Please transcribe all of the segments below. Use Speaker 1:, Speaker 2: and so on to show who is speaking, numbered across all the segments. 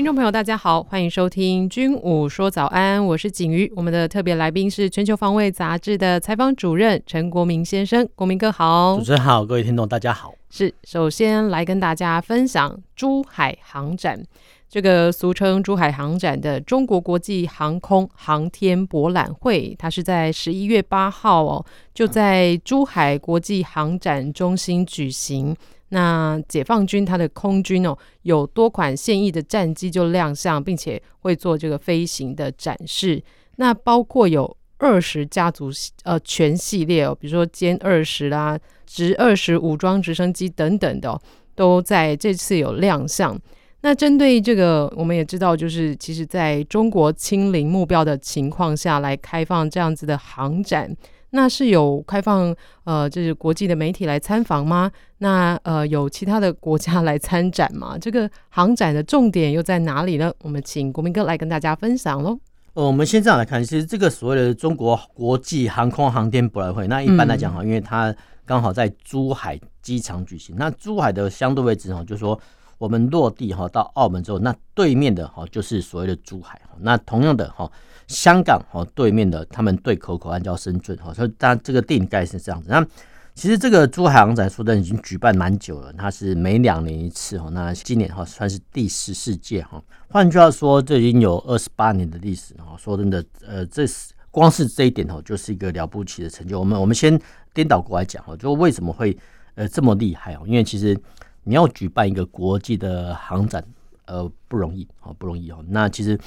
Speaker 1: 聽眾朋友，大家好，歡迎收聽《軍武說早安》，我是景瑜。我們的特別來賓是《全球防衛雜誌》的採訪主任陳國銘先生，國銘哥好。主持
Speaker 2: 人好，各位聽眾大家好。
Speaker 1: 是，首先來跟大家分享珠海航展。這個俗稱珠海航展的中國國際航空航天博覽會，它是在十一月八號哦，就在珠海國際航展中心舉行。那解放軍它的空軍哦，有多款現役的戰機就亮相，並且會做這個飛行的展示。那包括有二十家族呃全系列哦，比如說殲二十啦、直二十武裝直升機等等的哦，都在這次有亮相。那針對這個，我們也知道，就是其實在中國清零目標的情況下來開放這樣子的航展，那是有開放呃，就是國際的媒體來參訪嗎？那呃，有其他的國家來參展嗎？這個航展的重點又在哪裡呢？我們請國銘哥來跟大家分享嘍。
Speaker 2: 呃，我們先這樣來看，其實這個所謂的中國國際航空航天博覽會，那一般來講哈、嗯，因為它剛好在珠海機場舉行，那珠海的相對位置呢就是說。我們落地哈到澳門之後，那對面的哈就是所謂的珠海，那同樣的哈，香港哈對面的他們對口口岸叫深圳哈，所以當然這個定概是這樣子。那其實這個珠海航展說真的已經舉辦蠻久了，它是每兩年一次，那今年哈算是第十四屆哈，換句話說，這已經有二十八年的歷史哈，說真的，呃，這是光是這一點哈，就是一個了不起的成就。我們我們先顛倒過來講哈，就為什麼會呃這麼厲害哦？因為其實。你要舉辦一個國際的航展，呃，不容易、哦、不容易哦。那其實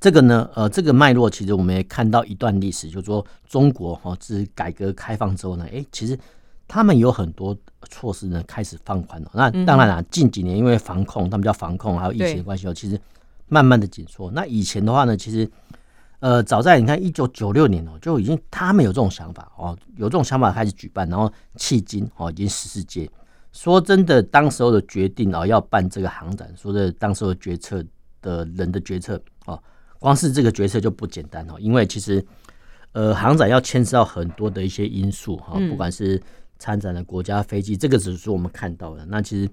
Speaker 2: 這個呢，呃，這個脈絡其實我們也看到一段歷史，就是、說中國哈自、哦、改革開放之後呢，哎、欸，其實他們有很多措施呢開始放寬了。那當然了、啊嗯，近幾年因為防控，他們叫防控，還有疫情的關係，其實慢慢的緊縮。那以前的話呢，其實呃，早在你看一九九六年哦，就已經他們有這種想法哦，有這種想法開始舉辦，然後迄今哦已經十四屆。說真的，當時候的決定啊、哦，要辦這個航展，說的當時候決策的人的決策啊、哦，光是這個決策就不簡單哦。因為其實，呃，航展要牽涉到很多的一些因素哈、哦嗯，不管是參展的國家、飛機，這個只是我們看到的。那其實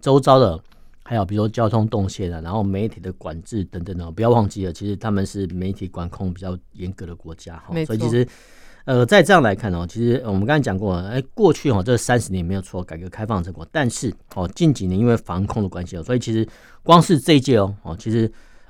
Speaker 2: 周遭的還有，比如說交通動線啊，然後媒體的管制等等啊、哦，不要忘記了，其實他們是媒體管控比較嚴格的國家，哦、所以其實。呃，在這樣來看呢、哦，其實我們剛才講過，哎、欸，過去哦，這三十年沒有錯，改革開放的成果。但是哦，近幾年因為防控的關係哦，所以其實光是這一屆哦，哦，其實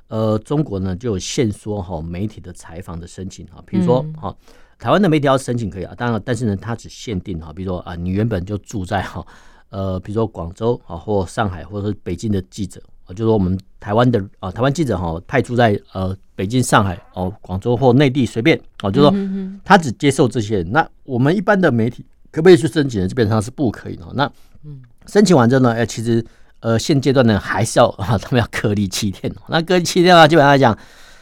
Speaker 2: 呃，中國呢就有限縮哈媒體的採訪的申請啊，比如說哈、哦，台灣的媒體要申請可以啊，當然，但是呢，它只限定哈，比如說啊，你原本就住在哈呃，比如說廣州啊或上海或者北京的記者，就是、說我們台灣的啊台灣記者哈派駐在呃。北京、上海哦，廣州或內地隨便哦，就是、說他只接受這些人、嗯哼哼。那我們一般的媒體可不可以去申請呢？基本上是不可以的。那申請完之後呢，哎、欸，其實呃，現階段呢還是要啊，他們要隔離七天。那隔離七天啊，基本上來講，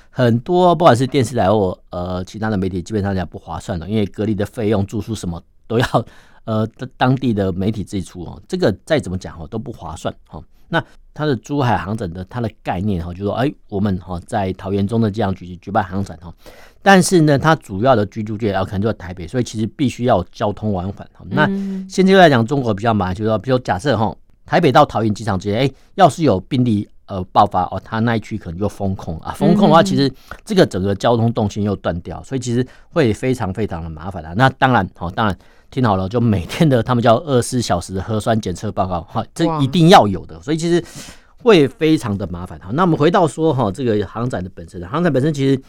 Speaker 2: 很多不管是電視台或呃其他的媒體，基本上講不划算的。因為隔離的費用、住宿什麼都要呃當地的媒體自己出哦。這個再怎麼講哦都不划算哦。那它的珠海航展的它的概念哈、哦，就是、說哎，我們哈在桃園中的機場舉行舉辦航展哈、哦，但是呢，它主要的居住地可能就在台北，所以其實必須要交通往返、嗯、那現在來講，中國比較麻煩，就是、說比如說假設哈，台北到桃園機場之間，哎，要是有病例。呃，爆發哦，他那一區可能就封控啊，封控的話，其實這個整個交通動線又斷掉，嗯嗯，所以其實會非常非常的麻煩啊。那當然，哈、哦，當然聽好了，就每天的他們叫二十四小時核酸檢測報告，哈、哦，這一定要有的。所以其實會非常的麻煩。好，那我們回到說哈、哦，這個航展的本身，航展本身其實，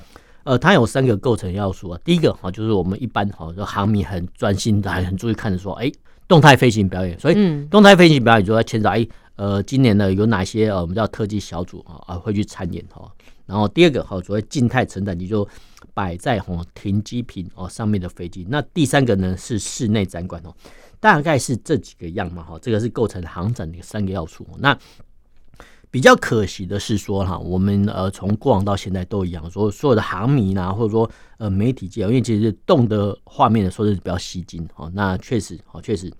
Speaker 2: 呃，它有三個構成要素啊。第一個哈、哦，就是我們一般哈，哦、就航迷很專心的很注意看着說，哎、欸，動態飛行表演，所以動態飛行表演就在前頭哎。嗯欸呃，今年呢有哪些呃，我們叫特技小組啊，啊會去參演、啊、然後第二個哈，所、啊、謂靜態陳列機就擺在哈停機坪哦、啊、上面的飛機。那第三個呢是室內展館哦、啊，大概是這幾個樣嘛。哈、啊。這個是構成航展的三個要素。啊、那比較可惜的是說哈、啊，我們呃從過往到現在都一樣，說所有的航迷呢、啊，或者說呃媒體界、啊，因為其實動的畫面呢說是比較吸睛哦、啊。那確實哈、啊，確實。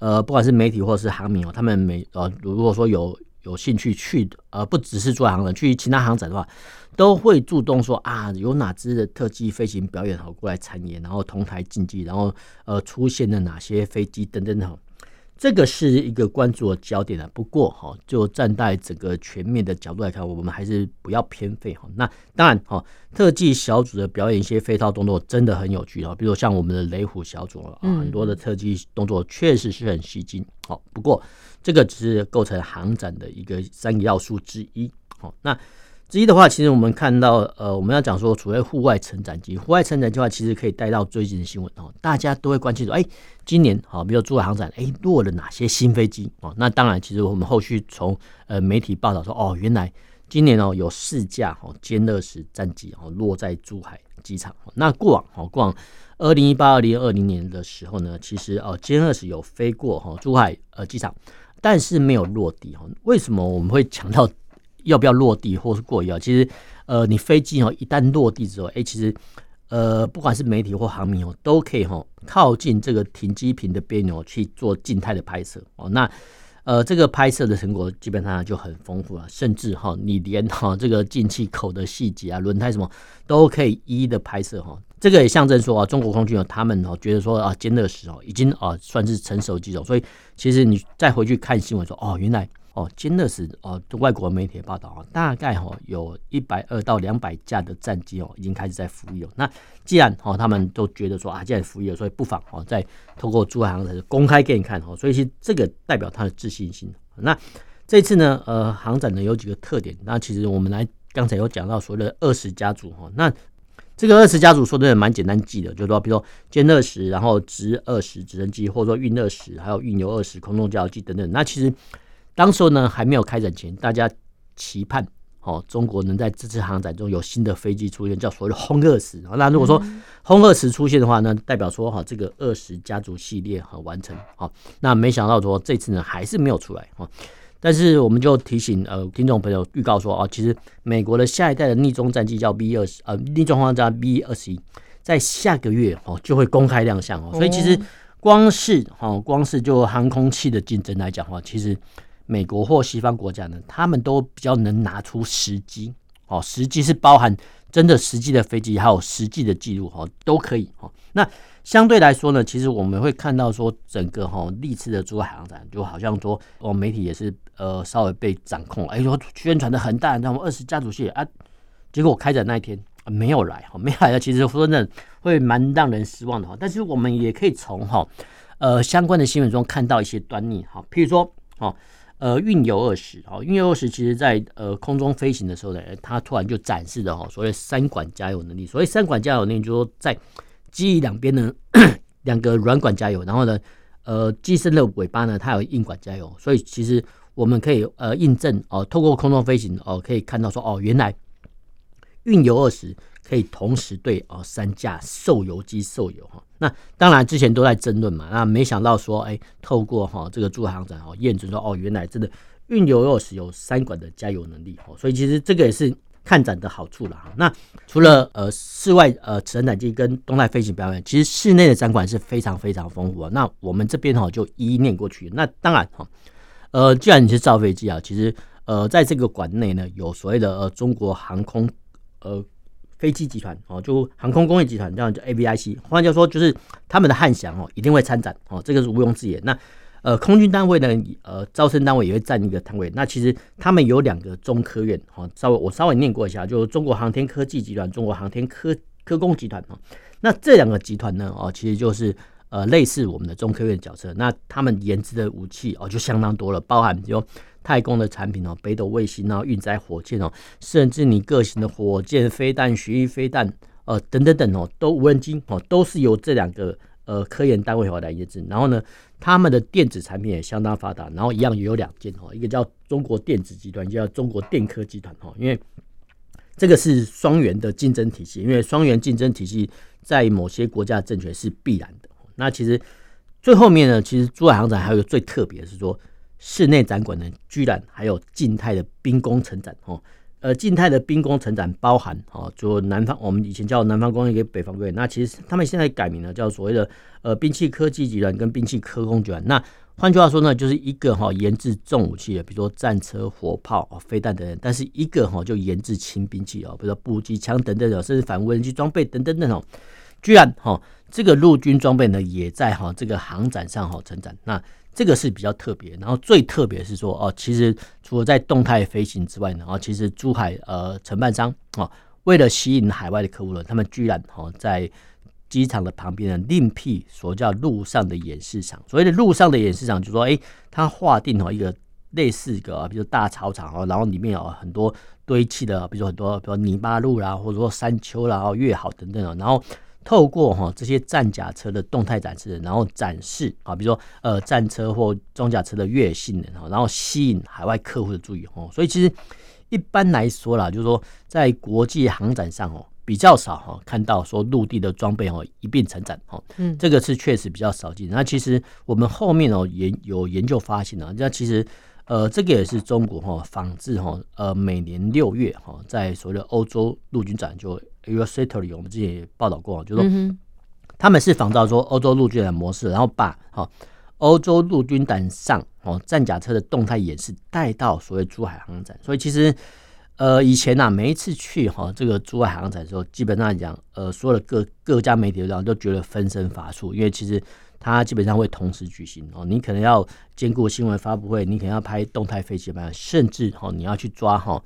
Speaker 2: 呃，不管是媒體或者是航迷哦，他們每呃，如果說有有興趣去呃，不只是珠海航展，去其他航展的話，都會注重說啊，有哪支的特技飛行表演好過來參演，然後同台競技，然後呃，出現了哪些飛機等等好。這個是一個關注的焦點啊，不過哈、哦，就站在整個全面的角度來看，我們還是不要偏廢哈、哦。那當然哈、哦，特技小組的表演一些飛套動作真的很有趣啊、哦，比如說像我們的雷虎小組啊、哦嗯，很多的特技動作確實是很吸睛。好、哦，不過這個只是構成航展的一個三個要素之一。好、哦，那。之一的話，其實我們看到，呃，我們要講說，除了戶外成長機，戶外成長機的話，其實可以帶到最近的新聞哦，大家都會關心說，哎、欸，今年好，比如珠海航展，哎、欸，落了哪些新飛機哦，那當然，其實我們後續從呃媒體報道說，哦，原來今年哦有四架哈、哦、殲二十戰機哦落在珠海機場、哦。那過往、哦、過往二零一八、二零二零年的時候呢，其實哦殲二十有飛過、哦、珠海呃機場，但是沒有落地哦。為什麼我們會強調？要不要落地或是過夜？其實，呃，你飛機哦，一旦落地之後，哎、欸，其實，呃，不管是媒體或航迷哦，都可以哈靠近這個停機坪的邊緣哦去做靜態的拍攝哦。那，呃，這個拍攝的成果基本上就很豐富了，甚至哈，你連哈這個進氣口的細節啊、輪胎什麼都可以一一的拍攝哈。這個也象徵說啊，中國空軍哦，他們哦覺得說啊，殲二十哦已經啊算是成熟機種，所以其實你再回去看新聞說哦，原來。哦，殲二十哦，外國媒體的報道啊、哦，大概哈、哦、有一百二到兩百架的戰機哦，已經開始在服役了。那既然哦，他們都覺得說啊，既然服役了，所以不妨哦，再透過珠海航展公開給你看哦。所以其實這個代表他的自信心。哦、那這次呢，呃，航展呢有幾個特點。那其實我們來剛才有講到所謂的二十家族哈、哦。那這個二十家族說的也蠻簡單記的，就是說比如說殲二十，然後直二十直升機，或者說運二十，還有運油二十空中加油機等等。那其實。當時候呢，還沒有開展前，大家期盼哦，中國能在這次航展中有新的飛機出現，叫所謂的轟二十。那如果說轟二十出現的話呢，代表說哈，這個二十家族系列很，哦、完成。好，哦，那沒想到說這次呢，還是沒有出來。哈，哦，但是我們就提醒呃，聽眾朋友預告說啊，哦，其實美國的下一代的逆中戰機叫 B 二十呃逆中轟炸機 B 二十一，在下個月哦就會公開亮相哦。所以其實光是哦，光是就航空器的競爭來講的話，其實。美國或西方國家呢，他們都比較能拿出時機哦，實際是包含真的實際的飛機，還有實際的記錄，哦，都可以、哦，那相對來說呢，其實我們會看到說，整個哈歷、哦、次的珠海航展，就好像說，哦，媒體也是呃稍微被掌控了，哎、欸呃，宣傳的很大很大，我們二十家族系列啊，結果開展那一天、呃、沒有來，哦，沒來，其實說真的會蠻讓人失望的，哦。但是我們也可以從哈、哦、呃相關的新聞中看到一些端倪，哈、哦，譬如說，哦。呃，運油二十哦，運油二十其實在呃空中飛行的時候呢，它突然就展示了哦所謂三管加油能力。所謂三管加油能力就是說，在機翼兩邊呢兩 個軟管加油，然後呢呃機身的尾巴呢，它有硬管加油，所以其實我們可以呃印證哦、呃，透過空中飛行哦、呃、可以看到說哦原來運油二十。可以同時對哦三架受油機，受油哈，那當然之前都在爭論嘛，那沒想到說哎，透過哈這個珠海航展哦驗證說哦原來真的運油又是有三管的加油能力哦，所以其實這個也是看展的好處了哈。那除了呃室外呃直升機跟動態飛行表演，其實室內的展館是非常非常豐富的。那我們這邊哈就一一念過去。那當然哈，呃，既然你是造飛機啊，其實呃在這個館內呢有所謂的呃中國航空呃。飛機集團哦，就航空工業集團這樣叫 AVIC，換句話說就是他們的漢翔哦一定會參展哦，這個是毋庸置疑。那呃，空軍單位呢，呃，招生單位也會佔一個攤位。那其實他們有兩個中科院哦，稍微我稍微念過一下，就是中國航天科技集團、中國航天科科工集團嘛。那這兩個集團呢哦，其實就是呃類似我們的中科院的角色。那他們研製的武器哦就相當多了，包含有。太空的產品哦，北斗衛星啊，運載火箭哦，甚至你個型的火箭、飛彈、巡弋飛彈呃等等等哦，都無人機哦，都是由這兩個呃科研單位來研制。然後呢，他們的電子產品也相當發達。然後一樣也有兩件哦，一個叫中國電子集團，一個叫中國電科集團哦，因為這個是雙元的競爭體系。因為雙元競爭體系在某些國家的政權是必然的。那其實最後面呢，其實珠海航展還有一個最特別的，是說。室內展館呢，居然還有靜態的兵工成展哦。呃，靜態的兵工成展包含哦，就南方我們以前叫南方工業，跟北方工業。那其實他們現在改名了，叫所謂的呃兵器科技集團跟兵器科工集團。那換句話說呢，就是一個哈、哦、研制重武器的，比如說戰車、火炮、哦、飛彈等等；但是一個哈、哦、就研制輕兵器哦，比如說步機槍等等甚至反無人機裝備等等等等、哦。居然哈、哦，這個陸軍裝備呢，也在哈、哦、這個航展上哈、哦、成展那。這個是比較特別，然後最特別的是說哦，其實除了在動態飛行之外呢，啊、哦，其實珠海呃承辦商哦，為了吸引海外的客戶呢，他們居然哦在機場的旁邊呢，另闢所謂陸上的演示場。所謂的陸上的演示場，就是說哎，他劃定哦一個類似的，比如大操場哦，然後裡面有很多堆砌的，比如說很多比如泥巴路啦，或者說山丘啦，然後越好等等哦，然後。透過哈，這些戰甲車的動態展示，然後展示啊，比如說呃戰車或裝甲車的越野性能，然後吸引海外客戶的注意哦。所以其實一般來說啦，就是說在國際航展上哦，比較少哈看到說陸地的裝備哦一併成展哈。這個是確實比較少見。那其實我們後面哦也有研究發現的，那其實呃這個也是中國哈仿制哈呃每年六月哈在所謂的歐洲陸軍展就。Eurosatory 我們之前也報道過，就是說他們是仿照說歐洲陸軍的模式，然後把歐洲陸軍展上哦戰甲車的動態演示帶到所謂珠海航展，所以其實呃以前吶、啊、每一次去哈這個珠海航展的時候，基本上講呃所有的各各家媒體都都覺得分身乏術，因為其實它基本上會同時舉行哦，你可能要兼顧新聞發布會，你可能要拍動態飛機拍，甚至你要去抓哈。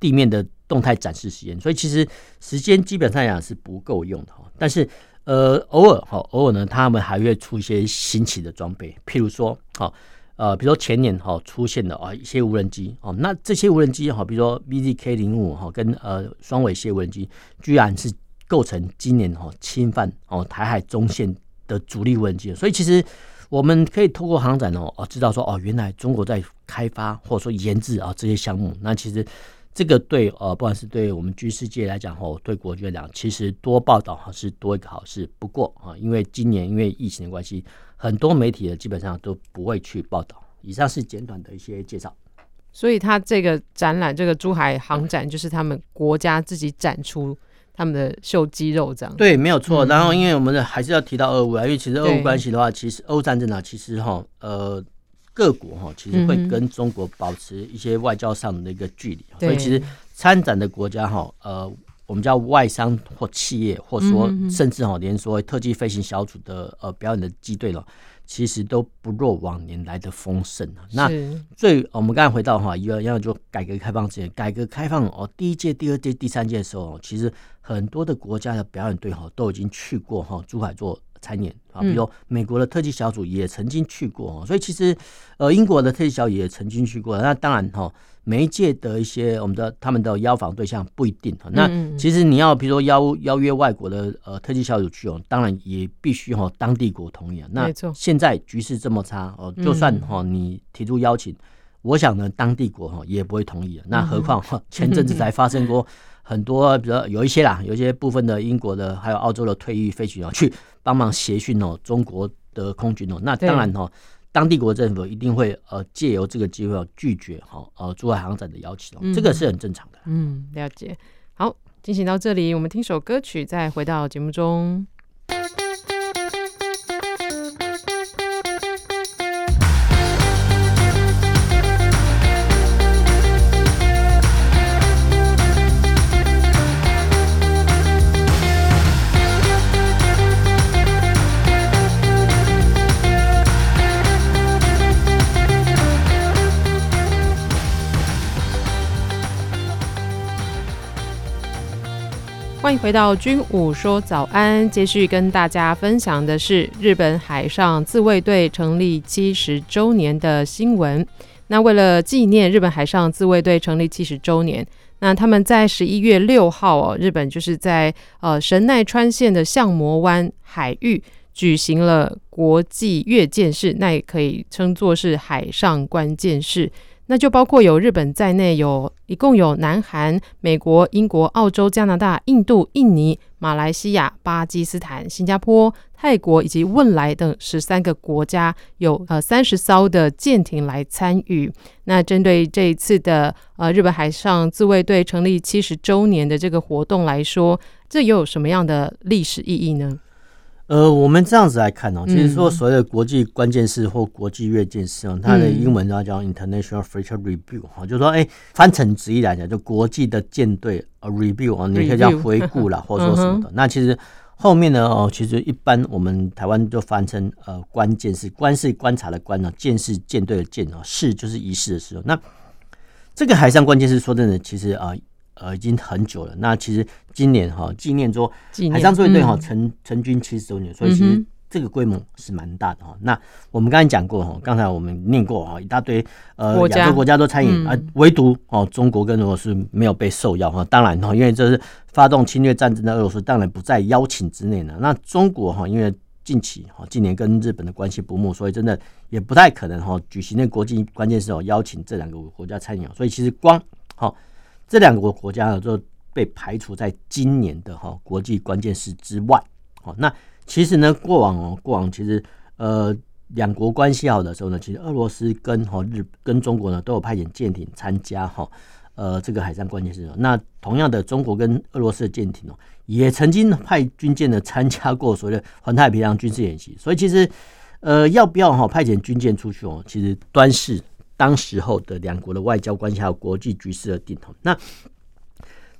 Speaker 2: 地面的動態展示時間，所以其實時間基本上也是不夠用的哈。但是呃，偶爾哈，偶爾呢，他們還會出一些新奇的裝備，譬如說哈呃，比如說前年哈出現的啊一些無人機哦，那這些無人機哈，比如說 BZK 零五哈跟呃雙尾蠍無人機，居然是構成今年哈侵犯哦台海中線的主力無人機。所以其實我們可以透過航展哦，知道說哦，原來中國在開發或者說研制啊這些項目，那其實。這個對呃，不管是對我們軍事界來講哈、哦，對國軍來講，其實多報道還是多一個好事。不過啊、哦，因為今年因為疫情的關係，很多媒體呢基本上都不會去報道。以上是簡短的一些介紹。
Speaker 1: 所以他這個展覽，這個珠海航展就是他們國家自己展出他們的秀肌肉這樣。對，沒
Speaker 2: 有錯。嗯、然後因為我們的還是要提到俄烏啊，因為其實俄烏關係的話，其實歐戰爭啊，其實哈呃。各國哈，其實會跟中國保持一些外交上的一個距離，所以其實參展的國家哈，呃，我們叫外商或企業，或說甚至哈，連所謂特技飛行小組的呃表演的機隊了，其實都不若往年來的豐盛啊。那最我們剛才回到哈，要要就改革開放之前，改革開放哦，第一屆、第二屆、第三屆的時候，其實很多的國家的表演隊哈都已經去過哈珠海做，參演啊，比如美國的特技小組也曾經去過，嗯、所以其實呃，英國的特技小組也曾經去過。那當然哈，每一屆的一些我們的他們的邀訪對象不一定。那其實你要比如說邀邀約外國的呃特技小組去哦，當然也必須哈當地國同意啊。那現在局勢這麼差哦，就算哈你提出邀請，我想呢當地國哈也不會同意的。那何況哈前陣子才發生過很多，嗯、 比如說有一些啦，有一些部分的英國的還有澳洲的退役飛行員去。幫忙協訓哦，中國的空軍哦，那當然哦，當地國政府一定會呃借由這個機會拒絕哦，呃珠海航展的邀請
Speaker 1: 哦，嗯，這個是很正常的。嗯，了解。好，進行到這裡，我們聽首歌曲，再回到節目中。回到軍武說早安，接續跟大家分享的是日本海上自衛隊成立七十周年的新聞。那為了紀念日本海上自衛隊成立七十周年，那他們在十一月六號哦，日本就是在呃神奈川縣的相模灣海域舉行了國際閱艦式，那也可以稱作是海上觀艦式。那就包括有日本在內有，有一共有南韓、美國、英國、澳洲、加拿大、印度、印尼、馬來西亞、巴基斯坦、新加坡、泰國以及汶萊等十三個國家有，有呃三十艘的艦艇來參與。那針對這一次的呃日本海上自衛隊成立七十周年的這個活動來說，這又有什麼樣的歷史意義呢？
Speaker 2: 呃，我們這樣子來看哦、喔，其實說所謂的國際觀艦式或國際閱艦式啊，它的英文叫，叫 International Fleet Review 哈、嗯，就是、說哎、欸，翻成直譯來講，就國際的艦隊 review 啊，你可以叫回顧啦呵呵，或說什麼的。嗯、那其實後面呢哦，其實一般我們台灣就翻成呃，觀艦式，觀是觀察的觀啊，艦是艦隊的艦啊，式就是儀式的時候，那這個海上觀艦式說真的，其實啊。呃，已經很久了。那其實今年哈，紀念說海上自衛隊哈成成軍七十週年，嗯，所以其實這個規模是蠻大的哈。那我們剛才講過哈，剛才我們念過哈，一大堆呃，兩個國家都參與啊，嗯，唯獨哦，中國跟俄羅斯沒有被受邀哈。當然哈，因為這是發動侵略戰爭的俄羅斯，當然不在邀請之內呢。那中國哈，因為近期哈，近年跟日本的關係不睦，所以真的也不太可能哈舉行那國際閱艦式邀請這兩個國家參與。所以其實光哈。這兩個國國家呢，就被排除在今年的哈國際閱艦式之外。好，那其實呢，過往過往其實呃兩國關係好的時候呢，其實俄羅斯跟哈日跟中國呢都有派遣艦艇參加哈呃這個海上閱艦式。那同樣的，中國跟俄羅斯的艦艇哦，也曾經派軍艦呢參加過所謂的環太平洋軍事演習。所以其實呃要不要哈派遣軍艦出去哦，其實端視。當時候的兩國的外交關係還有國際局勢的定投，那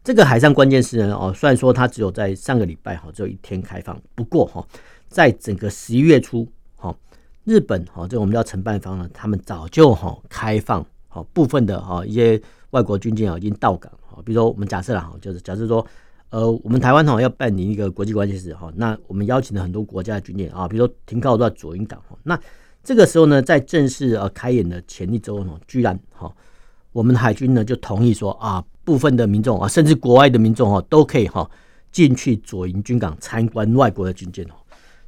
Speaker 2: 這個海上閱艦式哦，雖然說它只有在上個禮拜哈，只有一天開放，不過哈，在整個十一月初哈，日本哈，這個、我們叫承辦方呢，他們早就哈開放好部分的哈一些外國軍艦啊已經到港哈，比如說我們假設啦哈，就是假設說呃我們台灣哈要辦理一個國際閱艦式哈，那我們邀請了很多國家的軍艦啊，比如說停靠在左營港哈，那。這個時候呢，在正式呃開演的前一周呢，居然哈，我們海軍呢就同意說啊，部分的民眾啊，甚至國外的民眾都可以哈、啊、進去左營軍港參觀外國的軍艦。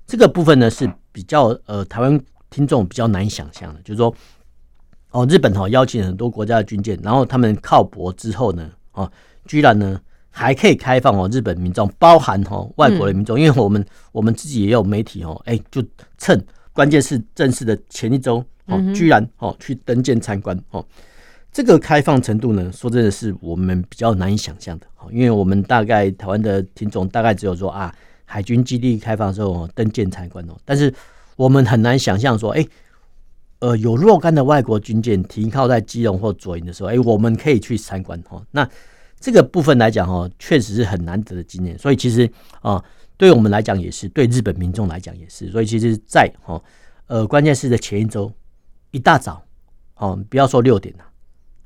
Speaker 2: 這個部分呢是比較呃台灣聽眾比較難以想象的，就是說哦，日本哈、啊、邀請很多國家的軍艦，然後他們靠泊之後呢，啊，居然呢還可以開放哦，日本民眾包含哈、哦、外國的民眾，嗯、因為我們我們自己也有媒體哦，哎，就趁。關鍵是正式的前一周哦，居然哦去登艦參觀哦，這個開放程度呢，說真的是我們比較難以想象的。因為我們大概台灣的聽眾大概只有說啊，海軍基地開放的時候登艦參觀哦，但是我們很難想象說，哎，呃，有若干的外國軍艦停靠在基隆或左營的時候，哎，我們可以去參觀哦。那這個部分來講哦，確實是很難得的經驗，所以其實啊。對我們來講也是，對日本民眾來講也是，所以其實在，在哈呃閱艦式的前一周一大早，哦不要說六點了，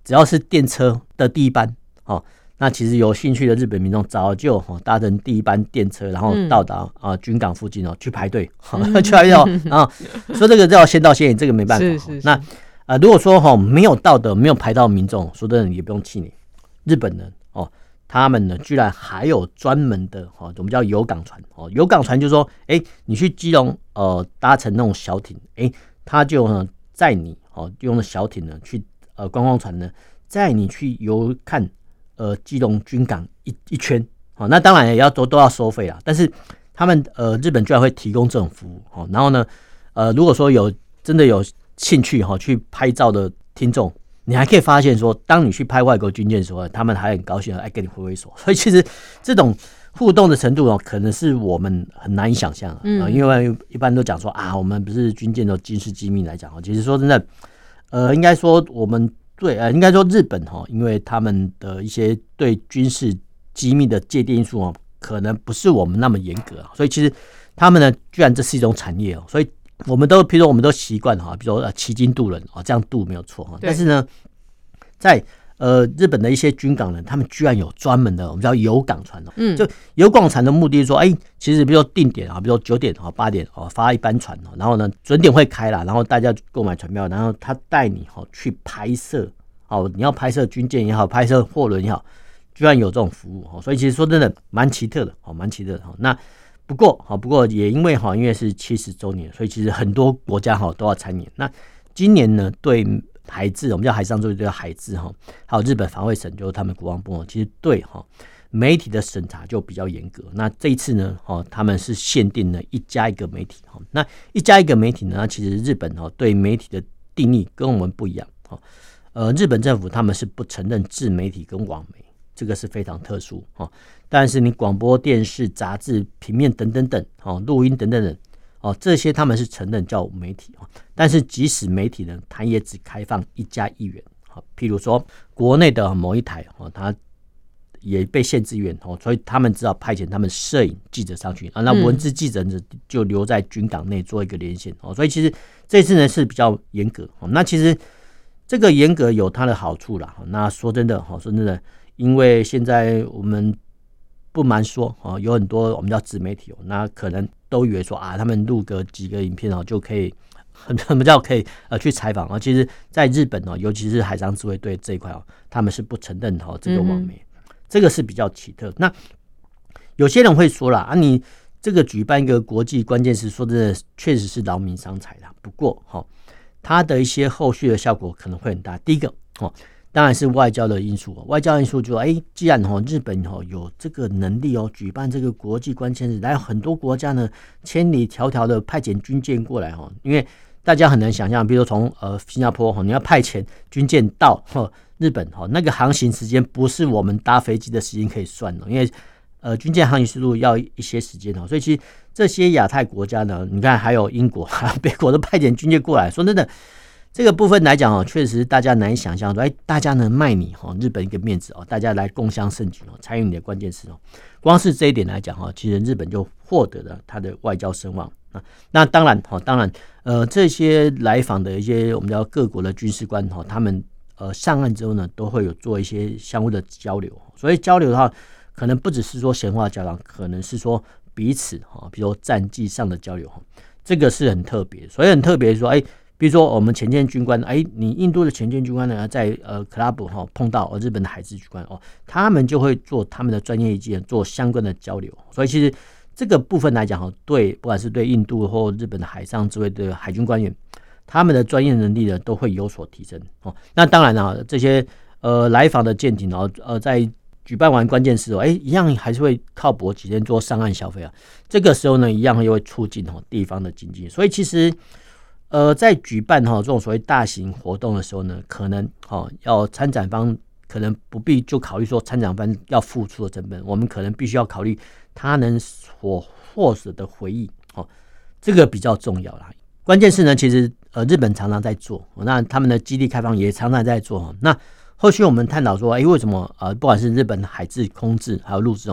Speaker 2: 只要是電車的第一班，哦那其實有興趣的日本民眾早就哦搭乘第一班電車，然後到達啊、呃、軍港附近哦去排隊，呵呵嗯、去要啊、嗯、說這個叫先到先贏，這個沒辦法。是是是，那啊、呃、如果說哈、哦、沒有到的，沒有排到民眾，說真的人也不用氣餒，日本人哦。他們呢，居然還有專門的哈，我、哦、們叫遊港船哦，遊港船就是說，哎、欸，你去基隆呃，搭乘那種小艇，哎、欸，他就呢載你哦，用的小艇呢去呃觀光船呢載你去遊看呃基隆軍港一一圈哦，那當然也要都都要收費啦，但是他們呃日本居然會提供這種服務哦，然後呢呃，如果說有真的有興趣哈、哦、去拍照的聽眾。你還可以發現說，當你去拍外國軍艦的時候，他們還很高興的哎跟你揮揮手。所以其實這種互動的程度哦，可能是我們很難以想象啊、嗯。因為一般都講說啊，我們不是軍艦的軍事機密來講哦。其實說真的，呃，應該說我們對呃，應該說日本哈，因為他們的一些對軍事機密的界定因素哦，可能不是我們那麼嚴格。所以其實他們呢，居然這是一種產業哦。所以。我們都，譬如說，我們都習慣哈，比如說啊，旗津渡輪啊，這樣渡沒有錯哈。但是呢，在呃日本的一些軍港人，他們居然有專門的，我們叫遊港船、嗯、就遊港船的目的是說，哎、欸，其實比如說定點啊，比如說九點啊、八點啊，發一班船，然後呢準點會開了，然後大家購買船票，然後他帶你哦去拍攝，哦你要拍攝軍艦也好，拍攝貨輪也好，居然有這種服務。所以其實說真的，蠻奇特的哦，蠻奇特的，那。不過，好，不過也因為哈，因為是七十週年，所以其實很多國家哈都要參演。那今年呢，對海自，我們叫海上自衛隊海自哈，還有日本防衛省就是他們國防部，其實對哈媒體的審查就比較嚴格。那這一次呢，哈他們是限定了一家一個媒體哈，那一家一個媒體呢，其實日本哈對媒體的定義跟我們不一樣哈。呃，日本政府他們是不承認自媒體跟網媒。這個是非常特殊，但是你廣播電視、雜誌、平面等等等啊，錄音等等等哦，這些他們是承認叫媒體。但是即使媒體呢，他也只開放一家議員。譬如說國內的某一台哦，他也被限制員哦，所以他們只好派遣他們攝影記者上去啊。嗯。那文字記者呢，就留在軍港內做一個連線哦。所以其實這次呢是比較嚴格。那其實這個嚴格有它的好處了。那說真的，哈，說真的。因為現在我們不瞞說啊，有很多我們叫自媒體哦，那可能都以為說啊，他們錄個幾個影片哦，就可以怎麼叫可以呃去採訪啊。其實，在日本哦，尤其是海上自衛隊這一塊哦，他們是不承認哦。這個網媒嗯，嗯，這個是比較奇特。那有些人會說了啊，你這個舉辦一個國際閱艦式說真的，確實是勞民傷財的。不過哦，它的一些後續的效果可能會很大。第一個哦。當然是外交的因素，外交因素就哎、是欸，既然哈日本哈有這個能力哦，舉辦這個國際閱艦式，然後很多國家呢千里迢迢的派遣軍艦過來哈，因為大家很難想象，比如說從呃新加坡哈，你要派遣軍艦到日本哈，那個航行時間不是我們搭飛機的時間可以算的，因為呃軍艦航行速度要一些時間，所以其實這些亞太國家呢，你看還有英國、美國都派遣軍艦過來，說真的。這個部分來講哦，確實大家難以想象說，哎，大家能賣你哈日本一個面子哦，大家來共襄盛舉哦，參與你的閱艦式哦。光是這一點來講哈，其實日本就獲得了他的外交聲望啊。那當然哈，當然呃，這些來訪的一些我們叫各國的軍事官哈，他們呃上岸之後呢，都會有做一些相互的交流。所以交流的話，可能不只是說閒話家常，可能是說彼此哈，比如說戰績上的交流哈，這個是很特別。所以很特別是說，哎。比如說，我們前線軍官，哎、欸，你印度的前線軍官呢，在呃 club 哈、哦、碰到、哦、日本的海自軍官哦，他們就會做他們的專業意見，做相關的交流。所以其實這個部分來講哈、哦，對不管是對印度或日本的海上自衛隊的海軍官員，他們的專業能力呢都會有所提升哦。那當然了、啊，這些呃來訪的艦艇哦，呃,呃在舉辦完閱艦式後，哎、哦欸，一樣還是會靠泊幾天做上岸消費啊。這個時候呢，一樣又會促進哦地方的經濟。所以其實。呃，在舉辦哈這種所謂大型活動的時候呢，可能哈、哦、要參展方可能不必就考慮說參展方要付出的成本，我們可能必須要考慮他能所獲得的回憶、哦，這個比較重要啦。關鍵是呢，其實呃日本常常在做，那他們的基地開放也常常在做。那後續我們探討說，哎、欸，為什麼呃不管是日本海自、空自，還有陸自。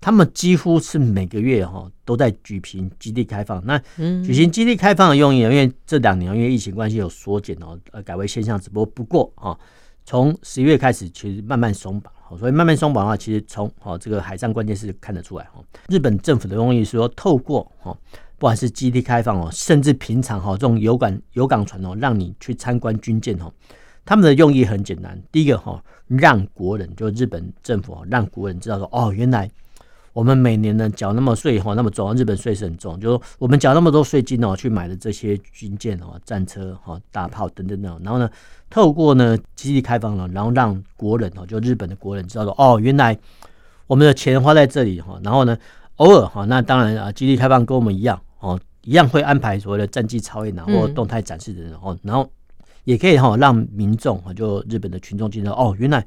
Speaker 2: 他們幾乎是每個月哈都在舉行基地開放。那舉行基地開放的用意，因為這兩年因為疫情關係有縮減哦，呃改為線上直播。不過啊，從十一月開始其實慢慢鬆綁，所以慢慢鬆綁的話，其實從哦這個海上閱艦式看得出來哦。日本政府的用意是說，透過哦不管是基地開放哦，甚至平常哈這種遊港、遊港船哦，讓你去參觀軍艦哦，他們的用意很簡單，第一個哈讓國人就日本政府讓國人知道說哦原來。我們每年呢繳那麼稅哈、喔，那麼重，日本稅是很重，就說我們繳那麼多稅金哦、喔，去買的這些軍艦哦、喔、戰車哈、大、喔、炮等等等，然後呢，透過呢基地開放了、喔，然後讓國人哦、喔，就日本的國人知道說，哦、喔，原來我們的錢花在這裡哈、喔，然後呢，偶爾哈、喔，那當然啊，基地開放跟我們一樣哦、喔，一樣會安排所謂的戰機操演，然後動態展示的人哦、嗯喔，然後也可以哈、喔、讓民眾啊、喔，就日本的群眾知道，哦、喔，原來。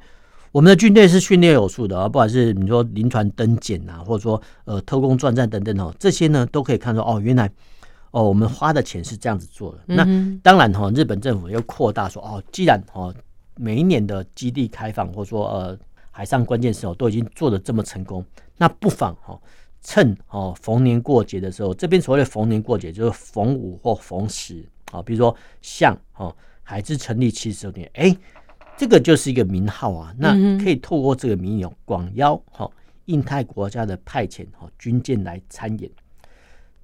Speaker 2: 我們的軍隊是訓練有素的啊，不管是你說臨船登檢啊，或者說呃偷工轉戰等等哦、啊，這些呢都可以看出哦，原來哦我們花的錢是這樣子做的。嗯、那當然哈、哦，日本政府又擴大說哦，既然哦每一年的基地開放，或者說呃海上關鍵時候都已經做得這麼成功，那不妨哦，趁哦逢年過節的時候，這邊所謂的逢年過節就是逢五或逢十啊、哦，比如說像哦海自成立七十周年，哎。這個就是一個名號啊，那可以透過這個名號廣、哦嗯、邀哈、哦、印太國家的派遣、哦、軍艦來參演，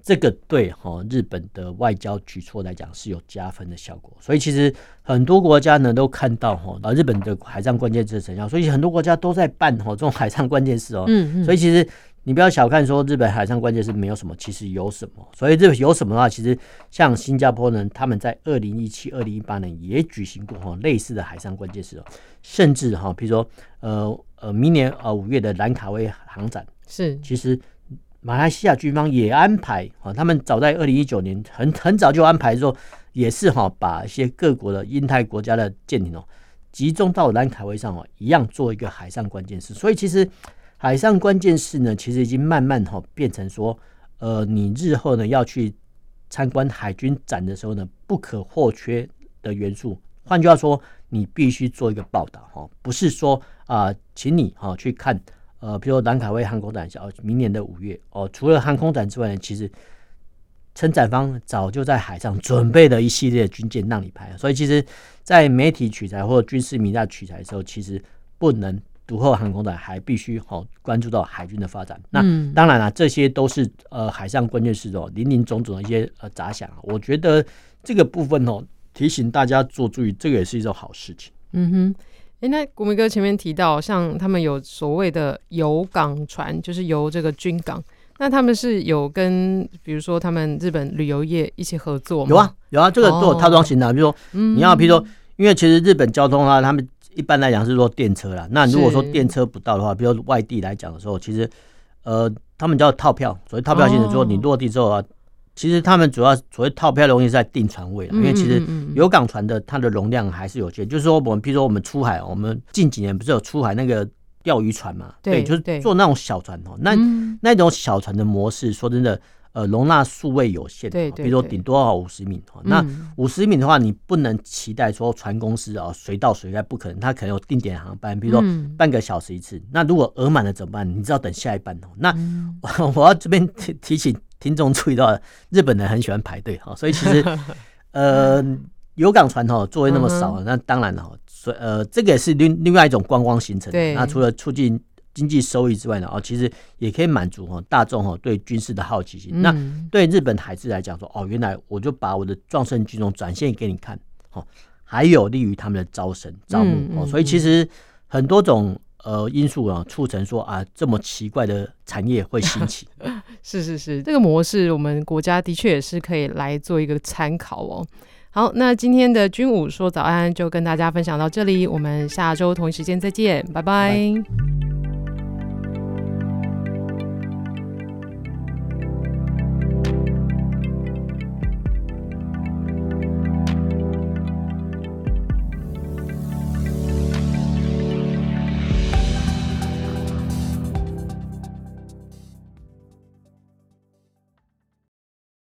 Speaker 2: 這個對、哦、日本的外交舉措來講是有加分的效果，所以其實很多國家呢都看到、哦、日本的海上閱艦式成效，所以很多國家都在辦、哦、這種海上閱艦式哦，嗯、所以其實。你不要小看說日本海上閱艦式沒有什麼，其實有什麼。所以這有什麼的話，其實像新加坡呢，他們在二零一七、二零一八年也舉行過哈類似的海上閱艦式哦。甚至哈，比如說呃呃，明年啊五月的蘭卡威航展是，其實馬來西亞軍方也安排，他們早在二零一九年很很早就安排說，也是哈把一些各國的印太國家的艦艇哦集中到蘭卡威上哦，一樣做一個海上閱艦式，所以其實。海上關鍵是呢，其實已經慢慢哈、哦、變成說，呃，你日後呢要去參觀海軍展的時候呢，不可或缺的元素。換句話說，你必須做一個報道哈、哦，不是說啊、呃，請你哈、哦、去看，呃，比如說蘭卡威航空展哦，明年的五月哦，除了航空展之外呢，其實參展方早就在海上準備了一系列軍艦讓你拍。所以，其實，在媒體取材或軍事迷在取材的時候，其實不能。獨後航空的還必須哈、哦、關注到海軍的發展。那、嗯、當然了、啊，這些都是呃海上關鍵事哦，林林總總的一些呃雜想。我覺得這個部分哦，提醒大家做注意，這個也是一種好事情。嗯
Speaker 1: 哼，哎、欸，那國銘哥前面提到，像他們有所謂的遊港船，就是遊這個軍港，那他們是有跟比如說他們日本旅遊業一起合作嗎？有啊，有啊，這個都有套裝型
Speaker 2: 的、哦，比如說、嗯、你要，比如說，因為其實日本交通啊，他們。一般來講是說電車啦。那如果說電車不到的話，比如說外地來講的時候，其實，呃，他們叫套票，所謂套票就是說你落地之後啊，哦、其實他們主要所謂套票的東西是在定船位嗯嗯嗯，因為其實有港船的它的容量還是有限。就是說，我們比如說我們出海，我們近幾年不是有出海那個釣魚船嘛？對，就是坐那種小船哦、喔，那、嗯、那種小船的模式，說真的。呃，容納數位有限，喔，比如說頂多五十米，喔。那五十米的話，你不能期待說船公司啊，喔，隨到隨開，不可能。它可能有定點航班，比如說半個小時一次。那如果額滿了怎麼辦？你知道等下一班，喔，那我要這邊提提醒聽眾注意到，日本人很喜歡排隊哈。所以其實呃，遊港船哈，喔，座位那麼少，那當然了，喔。所以呃，這個也是另另外一種觀光行程，喔。那除了促進。經濟收益之外呢，哦，其實也可以滿足哈、哦、大眾哈、哦、對軍事的好奇心。嗯、那對日本海自來講說，哦，原來我就把我的壯盛軍容展現給你看、哦，還有利於他們的招生招募。嗯嗯哦、所以其實很多種呃因素啊，促成說啊這麼奇怪的產業會興起、
Speaker 1: 嗯嗯。是是是，這個模式我們國家的確也是可以來做一個參考哦。好，那今天的軍武說早安就跟大家分享到這裡，我們下周同一時間再見，拜拜。拜拜。